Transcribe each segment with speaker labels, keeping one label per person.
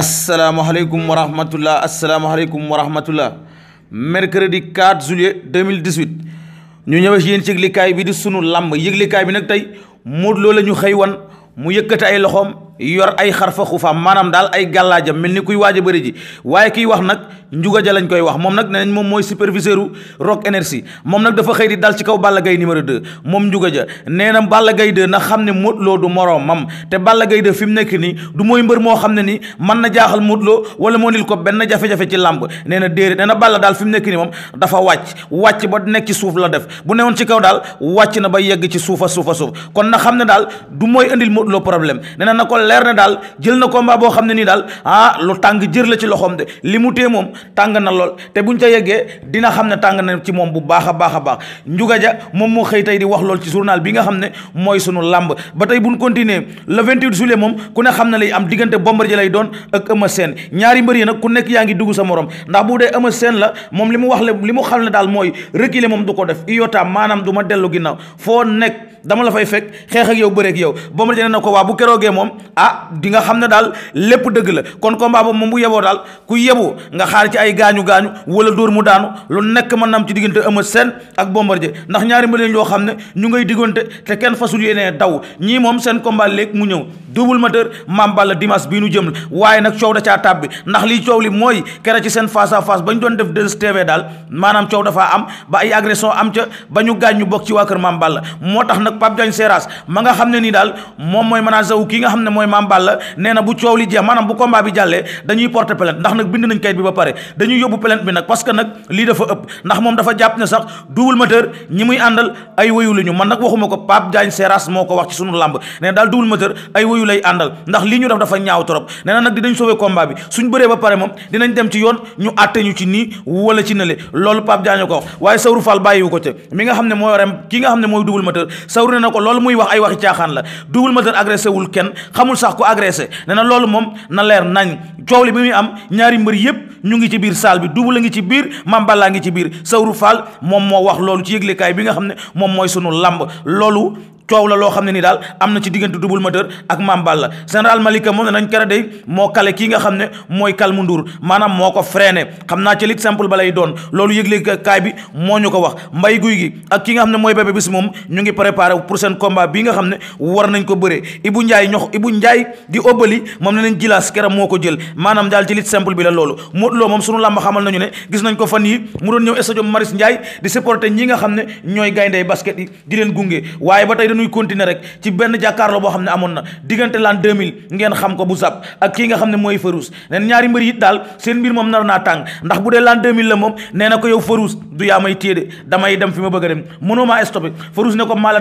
Speaker 1: asalaamaaleykum wa rahmatullah asalaamaaleykum wa rahmatullah mercredi 4 juillet 2018 ñu ñëwee si yéen ci bi di sunu làmb yëglikaay bi nag tey Modou Lo la ñu xëy wan mu yëkkati ay loxoom. yor ay xarfa xufaam maanaam daal ay gàllaajam mel ni kuy waaj a bëri ji waaye kiy wax nag njuga ja lañ koy wax moom nag na moom mooy superviseur u Rock Énergie moom nag dafa xëy di dal ci kaw Balla Gaye numéro 2 moom njuga ja nee na Balla Gaye 2 na xam ne Modou Lo du moroomam te Balla gay 2 fi mu nekk nii du mooy mbër moo xam ne ni mën na jaaxal Modou Lo wala moo nil ko benn jafe-jafe ci làmb nee na déedéet nee na Balla daal fi mu nekk nii moom dafa wàcc wàcc ba nekk ci suuf la def bu newoon ci kaw daal wàcc na ba yegg ci suufa suufa suuf kon na xam ne daal du mooy indil Modou Lo leer ne daal jël na combat boo xam ne nii daal ah lu tàng jër la ci loxoom de li mu tee moom tàng na lool te buñ ca yeggee dina xam ne tàng na ci moom bu baax a baax a baax Ndiouga Dia moom moo xëy tey di wax lool ci journal bi nga xam ne mooy sunu làmb ba tey buñ continuer le 28 juillet moom ku ne xam ne lay am diggante Bombardier lay doon ak Eumeu Sène ñaari mbër yi ku nekk yaa ngi dugg sa morom ndax bu dee ama seen la moom li mu wax le li mu xam ne daal mooy reculer moom du ko def iota maanaam du ma dellu ginnaaw foo nekk dama la fay fekk xeex ak yow bëre ak yow Bombardier nee na ko waa bu keroogee moom ah di nga xam ne daal lépp dëgg la kon combat boobu moom bu yeboo daal ku yebu nga xaar ci ay gaañu gaañu wala dóor mu daanu lu nekk mën na am ci diggante Eumeu Sène ak Bombardier ndax ñaari mbir yoo xam ne ñu ngay diggante kenn fasul yéene daw ñii moom seen combat léeg mu ñëw double moteur Mame Balla dimanche bii nu jëm waaye nag coow da caa ndax lii coow li mooy kere seen face à face ba ñu doon def 2STV daal maanaam coow dafaa am ba ay agression am ca ba ñu gaañ ñu bokk ci waa kër Mame la moo tax nag nag Pape Diagne Seras ma nga xam ne nii daal moom mooy manager wu kii nga xam ne mooy Mame Balla nee bu coow li jeex maanaam bu combat bi jàllee dañuy porter plainte ndax nag bind nañ kayit bi ba pare dañuy yóbbu plainte bi nag parce que nag lii dafa ëpp ndax moom dafa jàpp ne sax double moteur ñi muy àndal ay wayu la man nag waxuma ko Pape Diagne Seras moo ko wax ci sunu làmb nee daal double moteur ay wayu lay àndal ndax lii ñu def dafa retourné na ko loolu muy wax ay waxi caaxaan la Double Moteur agressé wul kenn xamul sax ko agressé nee na loolu moom na leer nañ coow li bi muy am ñaari mbër yëpp ñu ngi ci biir salle bi Double la ngi ci biir Mame Balla ngi ci biir Sawru Fall moom moo wax loolu ci yëglekaay bi nga xam ne moom mooy sunu lamb loolu coow la loo xam ne ni daal am na ci diggante double moteur ak Mame Balla général Malika moom ne nañ kere day moo kale kii nga xam ne mooy Kalmu Ndour maanaam moo ko freiné xam naa ci lit simple ba lay doon loolu yëgle kaay bi moo ñu ko wax mbay guy gi ak ki nga xam ne mooy bébé bis moom ñu ngi préparé pour seen combat bi nga xam ne war nañ ko bëree Ibu Njaay ñox Ibu Njaay di óbbali moom ne nañ jilaas kera moo ko jël maanaam daal ci lit simple bi loolu Modou Lo moom sunu làmb xamal nañu ne gis nañ ko fan yi mu doon ñëw stade Marius Ndiaye di supporter ñi nga xam ne ñooy gayndey basket yi di leen gunge waaye ba tey dañuy continuer rek ci benn jàkkaarloo boo xam ne amoon na diggante l'an 2000 ngeen xam ko bu sab ak kii nga xam ne mooy Farouz neen ñaari mbër yi daal seen mbir moom nar naa na ko yow Farouz du yaa may téye ma a dem la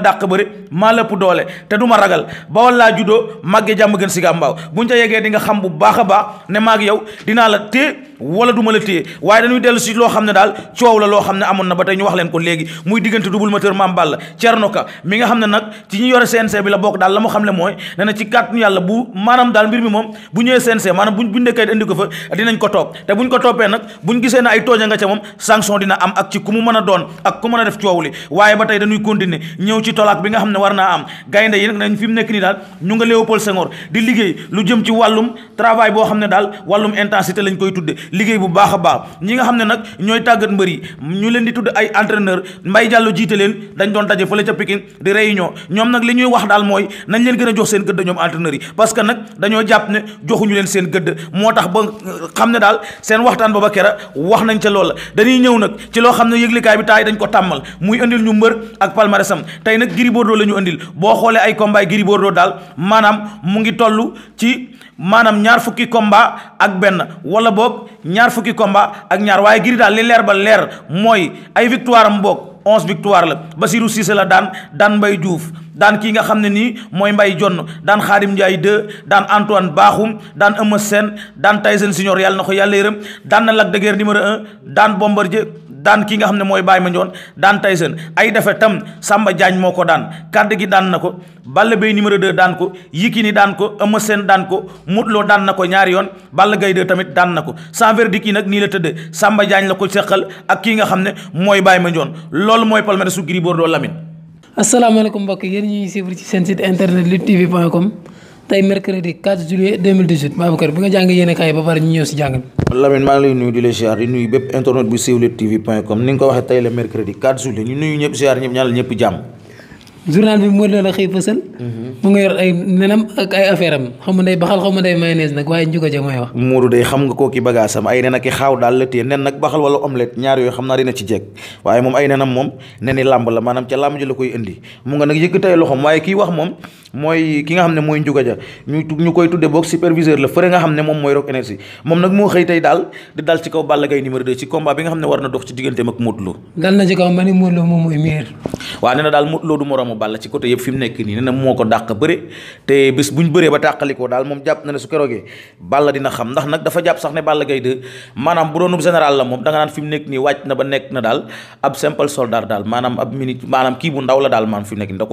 Speaker 1: dàq laa juddoo màggee jàmm gën si gàmbaaw buñ ca yeggee di nga xam bu baax a baax ne maag yow dinaa la téye wala du ma la téye waaye dañuy dellu si loo xam ne daal coow la loo xam ne amoon na ba tey ñu wax leen ko léegi muy diggante double moteur Mame Balla Cerno Ka mi nga xam ne nag nag ci ñi yore CNC bi la bokk daal la mu xam le mooy nee na ci kàttanu yàlla bu maanaam daal mbir mi moom bu ñëwee CNC maanaam buñ buñ dekkay indi ko fa dinañ ko topp te buñ ko toppee nag buñ gisee ne ay tooña nga ca moom sanction dina am ak ci ku mu mën a doon ak ku mën a def coow li waaye ba tey dañuy continuer ñëw ci tolaak bi nga xam ne war naa am gaynde yi nag nañ fi nekk nii daal ñu nga Léopold Senghor di liggéey lu jëm ci wàllum travail ñoom nag li ñuy wax daal mooy nañ leen gën a jox seen gëdd ñoom entraîneurs yi parce que nag dañoo jàpp ne joxuñu leen seen gëdd moo tax ba xam ne daal seen waxtaan ba ba kera wax nañ ca loola dañuy ñëw nag ci loo xam ne yëglikaay bi yi dañ ko tàmmal muy indil ñu mbër ak sam tey nag Gris Bordeaux la ñu indil boo xoolee ay combat Gris Bordeaux daal maanaam mu ngi toll ci maanaam ñaar fukki combat ak benn wala boog ñaar fukki combat ak ñaar waaye Gris daal li leer ba leer mooy ay victoire am onze victoire la Basirou Cissé la daan daan Mbaye Diouf daan kii nga xam ne nii mooy Mbaye Jonn daan Xaadim Ndiaye 2 daan Antoine Baaxum daan Eumeu Sène daan Tyson Senior yàlla na ko yàlla yërëm daan na lag de Guiers numéro 1 daan Bombardier daan ki nga xam ne mooy Baye Mandione daan Tyson ay defe tam Samba jaañ moo ko daan kàdd gi daan na ko Balla Gaye numéro 2 daan ko ni daan ko Eumeu seen daan ko Modou Lo daan na ko ñaari yoon Balla Gaye 2 tamit daan na ko sans verdict kii nag nii la tëdd Samba Diagne la ko seqal ak ki nga xam ne mooy Baye Mandione loolu mooy palmarès su Gris Bordeaux Lamine
Speaker 2: asalaamaaleykum mbokk yéen ñu ngi ci seen site internet lutte tv com tey mercredi 4 juillet 2018 Babacar bi nga jàng yéen kaay ba pare ñu ñëw si jàng bi
Speaker 1: Lamine maa ngi nuyu di la ziar di nuyu bépp internet bu siiw lutte tv com ni nga ko waxee tey la mercredi 4 juillet ñu nuyu ñëpp ziar ñëpp ñaanal ñëpp jàmm
Speaker 2: journal bi moo la xëy fësal mhm. mu ngi yor ay nenam ak ay affaire am xaw ma baxal xaw ma day mayonnaise nag waaye njugo ja mooy wax
Speaker 1: Modou day xam nga kooki bagage ay nen ak xaaw daal la téye nen nag baxal wala omelette ñaar yooyu xam naa dina ci jeeg waaye moom ay nenam moom neni làmb la maanaam ca làmb ji koy indi mu nga nag yëkkatay loxom waaye kii wax moom mooy ki nga xam ne mooy Ndiouga Dia ñu ñu koy tudde boog superviseur la fëre nga xam ne moom mooy Rock Énergie moom nag moo xëy tey daal di dal ci kaw Balla Gaye numéro ci combat bi nga xam ne war na dox ci digganteem ak Modou Lo
Speaker 2: moom mooy miir
Speaker 1: waaw nee na daal Modou Lo du na moo jàpp na ne su keroogee Balla dina xam ndax nag dafa la moom da nga fi mu nekk nii wàcc na ba nekk na daal ab simple soldat daal maanaam ab minute maanaam kii bu ndaw la daal maanaam fi mu nekk nii da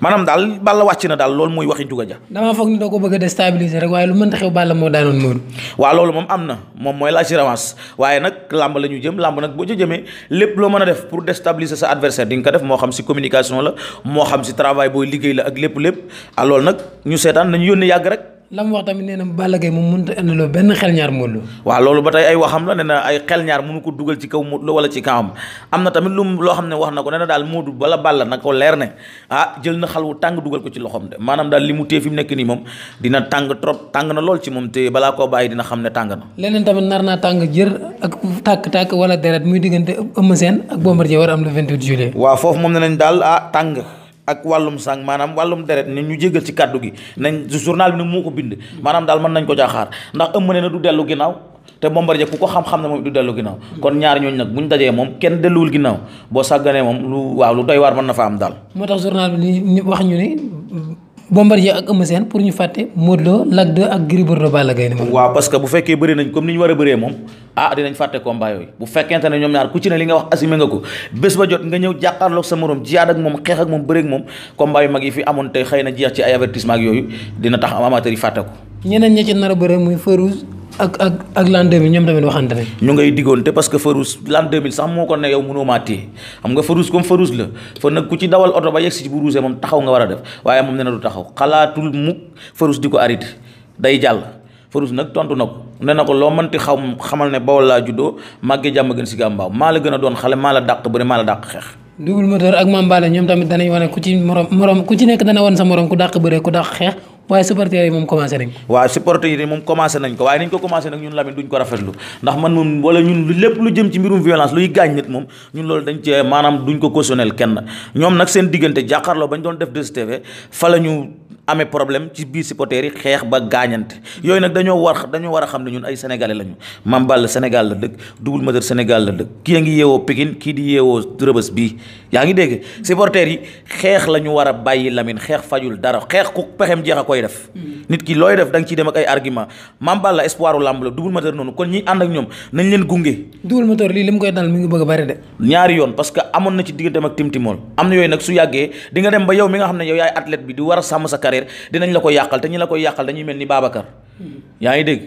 Speaker 1: maanaam daal Balla wàcc na daal loolu mooy waxi Ndiouga Dia.
Speaker 2: damaa foog ni doo ko bëgg a déstabiliser rek waaye lu mënta xew Balla moo daanoon Modou.
Speaker 1: waa loolu moom am na moom mooy la assurance waaye nag làmb la jëm làmb nag boo ca jëmee lépp loo mën a def pour déstabiliser sa adversaire di ko def moo xam si communication la moo xam si travail booy liggéey la ak lépp lépp ah loolu nag ñu seetaan nañu yónnee yàgg rek.
Speaker 2: la mu wax tamit nee na Balla Gaye moom mënut a indiloo
Speaker 1: benn xel ñaar Modou Lo. waaw loolu ba tey ay waxam la nee ay xel ñaar mënu ko dugal ci kaw Modou Lo wala ci kawam am na tamit lu loo xam ne wax na ko nee daal Modou bala Balla na leer ne ah jël na xal wu tàng ko ci loxoom de maanaam daal li mu téye fi mu nekk nii moom dina tàng trop tàng na lool ci moom te balaa koo bàyyi dina xam ne tàng na.
Speaker 2: leneen tamit nar naa tàng jër ak tàkk-tàkk wala deret muy diggante Eumeu Sène
Speaker 1: ak Bombardier war a am le 28 juillet. waaw foofu moom nee daal ah tàng ak wàllum sang maanaam wàllum deret ni ñu jégal ci kàddu gi nañ journal bi nag moo ko bind maanaam daal mën nañ ko jaaxaar ndax ëmb ne na du dellu ginnaaw te Bombardier ku ko xam-xam ne moom du dellu ginnaaw kon ñaar ñooñu nag buñ dajee moom kenn delluwul ginnaaw boo sàgganee moom lu waaw lu doy waar mën na fa am daal
Speaker 2: moo tax journal bi ni wax ñu ni Bombardier ak Eumeu Sène pour ñu fàtte Modou Lo ak Gris Bordeaux Balla Gaye
Speaker 1: waaw parce bu fekkee ah dinañ fàtte combat yooyu bu fekkente ne ñoom ñaar ku ci ne li nga wax assumé nga ko bés ba jot nga ñëw jàkkaarloog sa morom jiyaat ak moom xeex ak moom bëreeg moom combat yu mag yi fi amoon tey xëy na jeex ci ay avertissement ak yooyu dina tax amateur yi fàtte ko.
Speaker 2: ñeneen ñi a bëre muy Farouz ak ak ak l'an 2000 ñoom tamit waxante ne.
Speaker 1: ñu ngay diggoonte parce que Farouz l'an 2000 sax moo ko ne yow mënoo maa téye xam nga Farouz comme Farouz la fa nag ku ci dawal oto ba yegg si ci bu ruusee moom taxaw nga war a def waaye moom nee na du taxaw xalaatul mukk Farouz ko arrêté day jàll Farouz nag tontu na ko ne na ko loo mënti xam xamal ne Bawol laa juddoo màggee jàmm gën si gàmbaaw maa la gën a doon xale maa la dàq bëri maa la dàq xeex.
Speaker 2: Double Moteur tamit danañ wane ku ci morom morom ku ci nekk dana wan sa morom ku dàq bëre ku dàq xeex waaye supporters yi moom commencé nañ
Speaker 1: ko. waaw supporters yi moom commencé nañ ko waaye nañ ko commencé nag ñun Lamine duñ ko rafetlu ndax man moom wala ñun lépp lu jëm ci mbirum violence luy gaañ nit moom ñun loolu dañ cee maanaam kenn ñoom nag seen diggante jàkkaarloo bañ doon def 2STV fa la amee problème ci biir supporters yi xeex ba gaañante yooyu nag dañoo war dañoo war a xam ne ñun ay sénégalais lañu Mame Balla Sénégal la dëkk Double Moteur Sénégal la dëkk kii a ngi yeewoo Pikine kii di yeewoo Rëbës bii yaa ngi dégg supporters yi xeex la war a bàyyi Lamine xeex fajul dara xeex ku pexem jeex a koy def mm. nit ki looy def da nga dem ak argument Mame Balla espoir u lamb la Double Moteur noonu kon ñi ànd ak ñoom nañ leen gunge Double Moteur lii li a a xayr dinañ la ko yàqal te ñi la koy yàqal dañuy mel ni Babacar hmm. yaa ngi dégg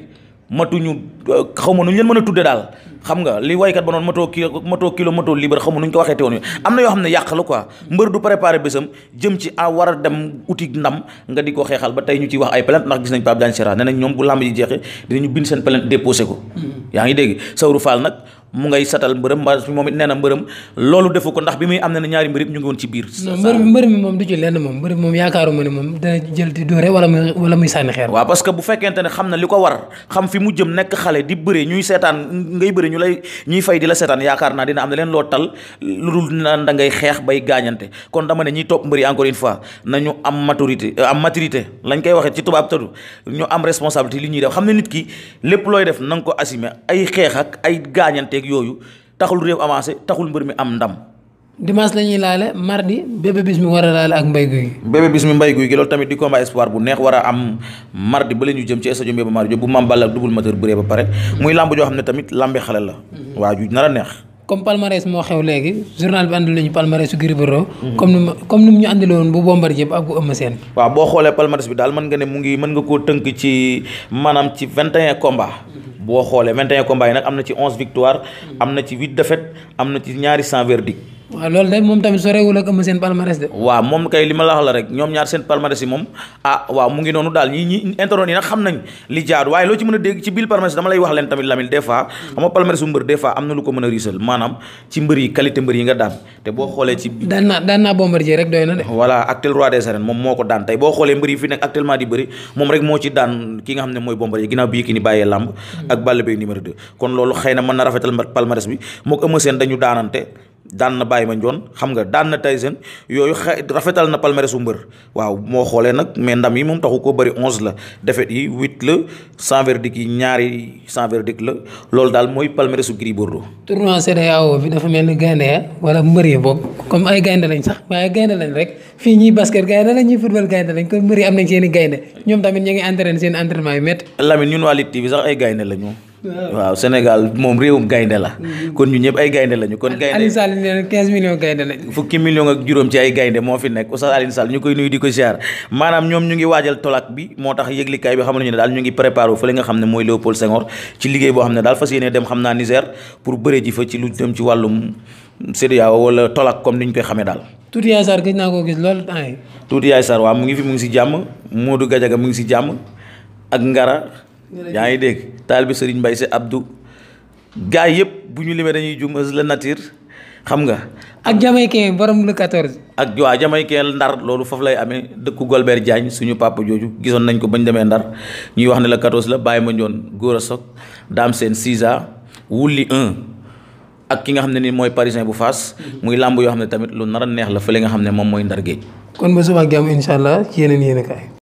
Speaker 1: matuñu euh, xaw ma nu ñu leen mën a tudde daal xam nga li waykat ba noonu matoo kilo matoo kilo matoo libre xaw ma nu ñu ko waxee te woon am na yoo xam ne yàq la quoi mbër du préparé bésam jëm ci a war a dem uti ndam nga di ko xeexal ba tey ñu ci wax ay plainte ndax gis nañ Pape Diagne Sera nee ñoom bu làmb ji jeexee dinañu bind seen plainte déposé ko hmm. yaa ngi dégg Sawru Fall nag mu ngay satal mbërëm mbaa moom it nee na mbërëm loolu defu ko ndax bi muy am na ne ñaari mbir yëpp ñu ngi woon ci biir mbër
Speaker 2: mi mbër mi moom du ci lenn moom mbër mi moom yaakaaruma ne moom dana jël di dóore
Speaker 1: wala na xale di bëre ñuy seetaan ngay bëre ñu ñuy fay di la seetaan yaakaar naa dina am na leen loo tal lu xeex bay gaañante kon dama ne ñiy topp mbëri encore une fois nañu am maturité euh, am maturité lañ koy waxee ci tubaab tëdu ñu am responsabilité li ñuy def xam ne nit ki lépp looy def nanga nga ko assumer ay xeex ak ay gaañante yeeg yooyu taxul réew avancé taxul mbër mi am ndam.
Speaker 2: dimanche la ñuy laale mardi bébé bis mi war a laale ak mbay guy gi.
Speaker 1: bébé bis mi mbay guy gi loolu tamit di combat espoir bu neex war a am mardi ba la ñu jëm ci stade Iba Mar Diop bu Mame Balla ak double moteur bëree ba pare muy lamb joo xam ne tamit lambe xale la. Mhm. waa ju nar a neex.
Speaker 2: comme palmarès moo xew léegi journal bi andil nañu palmarès su Gris Bordeaux comme ni comme ni mu ñu andiloon bu Bombardier bi ak bu Eumeu Sène
Speaker 1: waaw boo xoolee palmarès bi daal mën nga ne mu ngi mën nga koo tënk ci maanaam ci vingt et un boo xoolee vingt et un yi nag am na ci onze victoire am na ci huit défaites am na ci ñaari sans verdict
Speaker 2: waa loolu de moom tamit sorewul ak Eumeu Sène palmarès de.
Speaker 1: waaw moom kay li ma la wax la rek ñoom ñaar seen palmarès yi moom ah waaw mu ngi noonu daal ñi ñi internet xam nañ li jaadu waaye loo ci mën a dégg ci am na lu a riisal maanaam ci mbër yi qualité mbër xoolee ci
Speaker 2: daan naa daan naa bombardier rek doy na de
Speaker 1: voilà actuel roi des arènes moom moo ko daan tey rek moo ci daan ki nga xam ne mooy bombardier ginnaaw bi Yékini bàyyee làmb ak Balla Gaye numéro kon loolu xëy na mën na rafetal palmarès bi mook Eumeu Sène dañu daanante daan na bàyyi ma Mandione xam nga daan na Tyson yooyu xay rafetal na palmarèsu mbër waaw moo xoolee nag mais ndam yi moom taxu ko bari onze la défaite yi huit la sans verdict yi ñaari sans verdict la loolu daal mooy palmarèsu Gris Bordeaux.
Speaker 2: tournoi CEDEAO bi dafa mel ni gaynde ya wala mbër yi boobu comme ay gaynde lañ sax waaye gaynde lañ rek fii ñuy basket gaynde lañ ñuy football gaynde lañ kon mbër yi am nañ seen i gaynde ñoom tamit ñu ngi entraîné seen entraînement yu métti.
Speaker 1: Lamine ñun waa Lutte TV bi sax ay gaynde la ñu. waaw Sénégal moom réewum gaynde la mm-hmm. kon ñu ñëpp ay gaynde lañu kon gaynde Aliou Sall nee na 15 millions gaynde lañ fukki millions ak juróom ci ay gaynde moo fi nekk Oustaz Aliou Sall ñu koy nuyu di ko ziar maanaam ñoom ñu ngi waajal tolak bi moo tax yëglikaay bi xam ne daal ñu ngi préparé wu fële nga xam ne mooy Léopold Senghor ci liggéey boo xam ne daal fas yéene dem xam naa Niger pour bëre ji fa ci lu jëm ci wàllum CEDEAO wala tolak comme ni ñu koy xamee daal
Speaker 2: Tuuti Yaay Sarr gis naa koo gis loolu temps yi
Speaker 1: Tuuti Yaay Sarr waaw mu ngi fi ngi si jàmm Modou Ngara yaa ngi dégg taal bi Serigne Mbaye si Abdou gars yëpp bu ñu limee dañuy jum la nature xam nga.
Speaker 2: ak jamaïcain borom lu 14.
Speaker 1: ak waa jamaïcain ndar loolu foofu lay amee dëkku Golbert Diagne suñu papa jooju gisoon nañ ko bañ demee ndar ñuy wax ne la 14 la bàyyi Baye Mandione Gora Sock Dame Sène Sisa Wuli 1 ak ki nga xam ne nii mooy parisien bu Fass mhm. muy làmb yoo xam ne tamit lu nar a neex la fële nga xam ne moom mooy ndar géej. kon ba suba ak